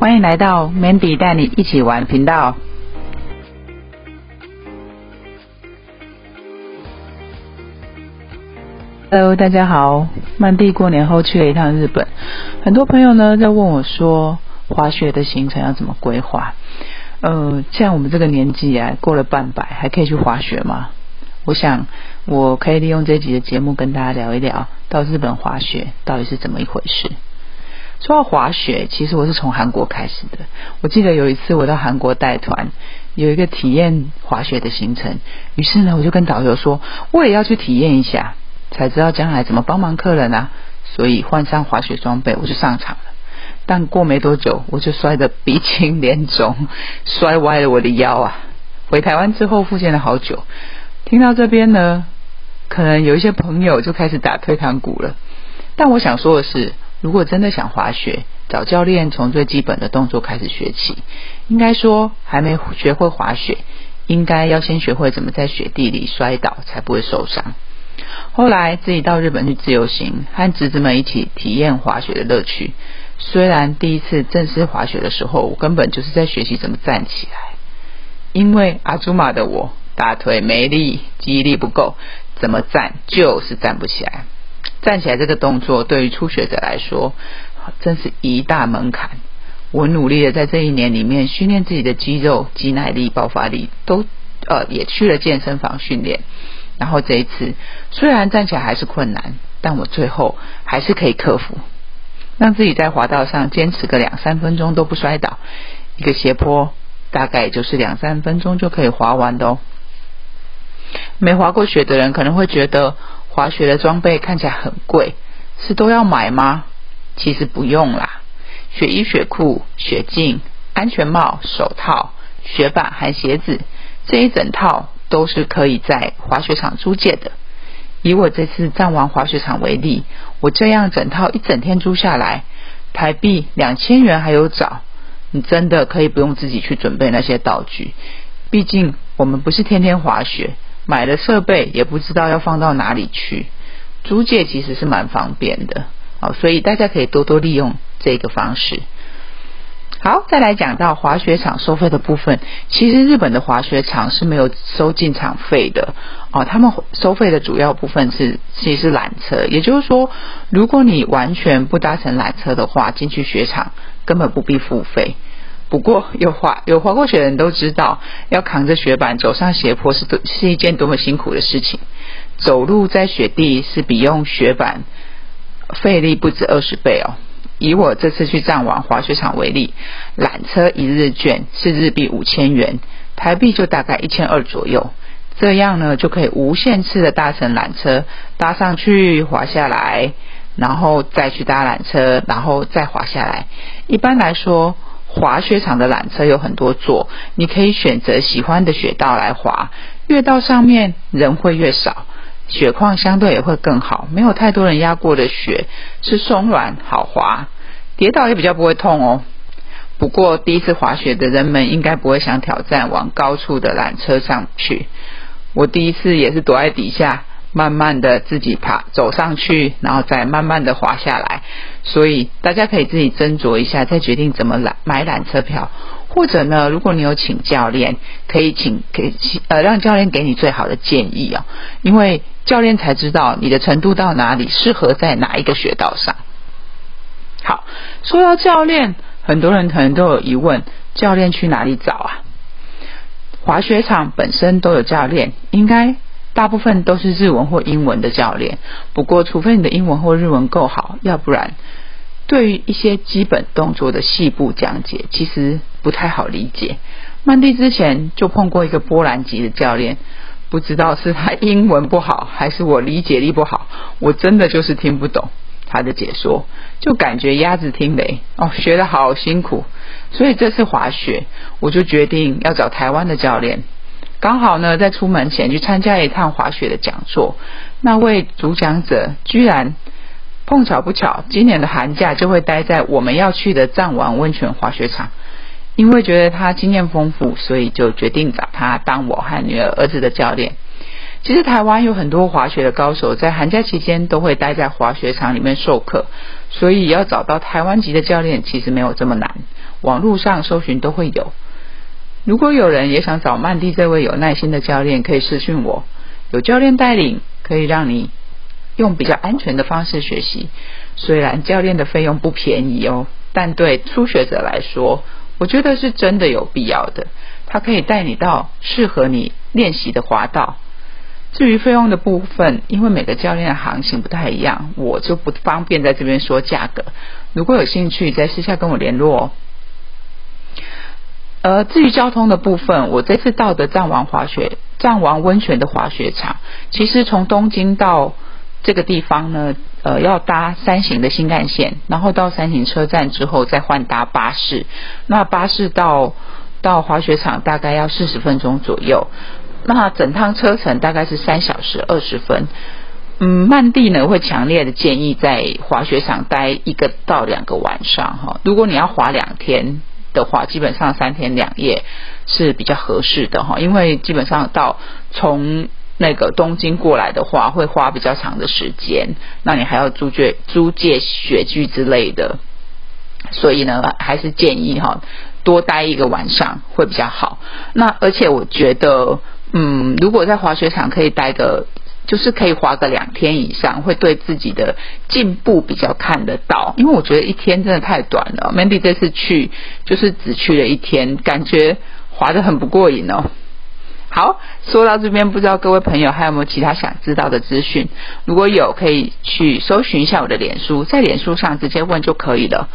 歡迎來到 Mandy 帶你一起玩頻道。Hello，大家好，曼蒂過年後去了一趟日本，很多朋友呢在問我說滑雪的行程要怎麼規劃？呃，像我們這個年紀啊，過了半百還可以去滑雪嗎？我想我可以利用這幾集的節目跟大家聊一聊，到日本滑雪到底是怎麼一回事。說到滑雪，其實我是從韓國開始的。我記得有一次我到韓國帶團，有一個體驗滑雪的行程，於是呢我就跟導遊說，我也要去體驗一下，才知道將來怎麼幫忙客人啊。所以換上滑雪裝備，我就上場了。但過沒多久，我就摔得鼻青臉腫，摔歪了我的腰啊。回台灣之後復健了好久。聽到這邊呢，可能有一些朋友就開始打退堂鼓了。但我想說的是。如果真的想滑雪，找教練從最基本的動作開始學起。應該說，還沒學會滑雪，應該要先學會怎麼在雪地裡摔倒，才不會受傷。後來自己到日本去自由行，和侄子們一起體驗滑雪的樂趣。雖然第一次正式滑雪的時候，我根本就是在學習怎麼站起來，因為阿祖瑪的我大腿沒力，記憶力不夠，怎麼站就是站不起來。站起來這個動作對於初學者來說，真是一大門檻。我努力的在這一年裡面訓練自己的肌肉、肌耐力、爆發力都，都呃也去了健身房訓練。然後這一次雖然站起來還是困難，但我最後還是可以克服，讓自己在滑道上堅持個兩三分鐘都不摔倒。一個斜坡大概就是兩三分鐘就可以滑完的哦。沒滑過雪的人可能會覺得。滑雪的裝備看起來很貴，是都要買嗎？其實不用啦，雪衣、雪褲、雪鏡、安全帽、手套、雪板、還鞋子，這一整套都是可以在滑雪場租借的。以我這次藏王滑雪場為例，我這樣整套一整天租下來，台幣兩千元還有找。你真的可以不用自己去準備那些道具，畢竟。我們不是天天滑雪，買了設備也不知道要放到哪裡去，租借其實是蠻方便的，好，哦，所以大家可以多多利用這個方式。好，再來講到滑雪場收費的部分，其實日本的滑雪場是沒有收進場費的，哦，他們收費的主要部分是其實是纜車，也就是說，如果你完全不搭乘纜車的話，進去雪場根本不必付費。不過，有滑有滑過雪的人都知道，要扛着雪板走上斜坡是多是一件多麼辛苦的事情。走路在雪地是比用雪板費力不止二十倍哦。以我這次去藏王滑雪場為例，纜車一日券是日幣五千元，台幣就大概一千二左右。這樣呢，就可以無限次的搭乘纜車搭上去滑下來，然後再去搭纜車，然後再滑下來。一般來說。滑雪場的纜車有很多座，你可以選擇喜歡的雪道來滑。越到上面人會越少，雪況相對也會更好，沒有太多人壓過的雪是鬆軟好滑，跌倒也比較不會痛哦。不過第一次滑雪的人們應該不會想挑戰往高處的纜車上去。我第一次也是躲在底下。慢慢的自己爬走上去，然後再慢慢的滑下來。所以大家可以自己斟酌一下，再決定怎麼買買纜車票，或者呢，如果你有請教練，可以請給呃讓教練給你最好的建議哦。因為教練才知道你的程度到哪裡，適合在哪一個雪道上。好，說到教練，很多人可能都有疑問：教練去哪裡找啊？滑雪場本身都有教練，應該。大部分都是日文或英文的教練，不過除非你的英文或日文夠好，要不然對於一些基本動作的細部講解，其實不太好理解。曼蒂之前就碰過一個波蘭籍的教練，不知道是他英文不好，還是我理解力不好，我真的就是聽不懂他的解說，就感覺鴨子聽雷哦，學得好辛苦。所以這次滑雪，我就決定要找台灣的教練。剛好呢，在出門前去參加一趟滑雪的講座，那位主講者居然碰巧不巧，今年的寒假就會待在我們要去的藏王溫泉滑雪場。因為覺得他經驗豐富，所以就決定找他當我和女兒、兒子的教練。其實台灣有很多滑雪的高手，在寒假期間都會待在滑雪場裡面授課，所以要找到台灣籍的教練其實沒有這麼難，網絡上搜尋都會有。如果有人也想找曼蒂這位有耐心的教練，可以私訊我。有教練帶領，可以讓你用比較安全的方式學習。雖然教練的費用不便宜哦，但對初學者來說，我覺得是真的有必要的。他可以帶你到適合你練習的滑道。至於費用的部分，因為每個教練的行情不太一樣，我就不方便在這邊說價格。如果有興趣，在私下跟我聯絡哦。呃，至於交通的部分，我這次到的藏王滑雪，藏王溫泉的滑雪場，其實從東京到這個地方呢，呃，要搭山形的新幹線，然後到山形車站之後再換搭巴士。那巴士到到滑雪場大概要四十分鐘左右，那整趟車程大概是三小時二十分。嗯，曼蒂呢會強烈的建議在滑雪場待一個到兩個晚上哈、哦，如果你要滑兩天。的話，基本上三天兩夜是比較合適的哈，因為基本上到從那個東京過來的話，會花比較長的時間，那你還要租借租借雪具之類的，所以呢，還是建議哈多待一個晚上會比較好。那而且我覺得，嗯，如果在滑雪場可以待個，就是可以滑個兩天以上，會對自己的進步比較看得到。因為我覺得一天真的太短了。Mandy 這次去就是只去了一天，感覺滑得很不過癮哦。好，說到這邊，不知道各位朋友還有沒有其他想知道的資訊？如果有，可以去搜尋一下我的臉書，在臉書上直接問就可以了。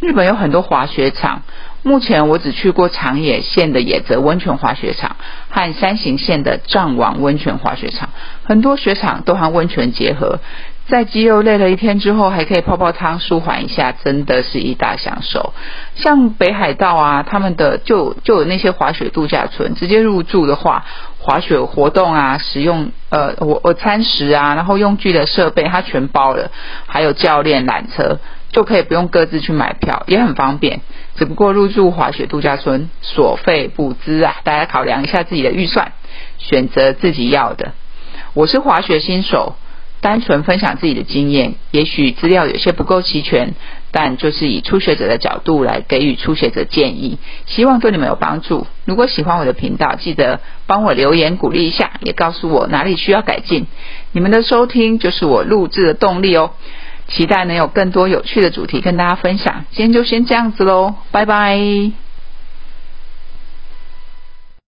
日本有很多滑雪場。目前我只去過長野縣的野澤溫泉滑雪場和山形縣的藏王溫泉滑雪場，很多雪場都和溫泉結合，在肌肉累了一天之後，還可以泡泡湯舒緩一下，真的是一大享受。像北海道啊，他們的就就有那些滑雪度假村，直接入住的話，滑雪活動啊，使用呃我我餐食啊，然後用具的設備它全包了，還有教練、纜車。就可以不用各自去買票，也很方便。只不過入住滑雪度假村，所費不貲啊，大家考量一下自己的預算，選擇自己要的。我是滑雪新手，單純分享自己的經驗，也許資料有些不夠齊全，但就是以初學者的角度來給予初學者建議，希望對你們有幫助。如果喜歡我的頻道，記得幫我留言鼓勵一下，也告訴我哪裡需要改進。你們的收聽就是我錄制的動力哦。期待能有更多有趣的主題跟大家分享。今天就先這樣子嘍，拜拜。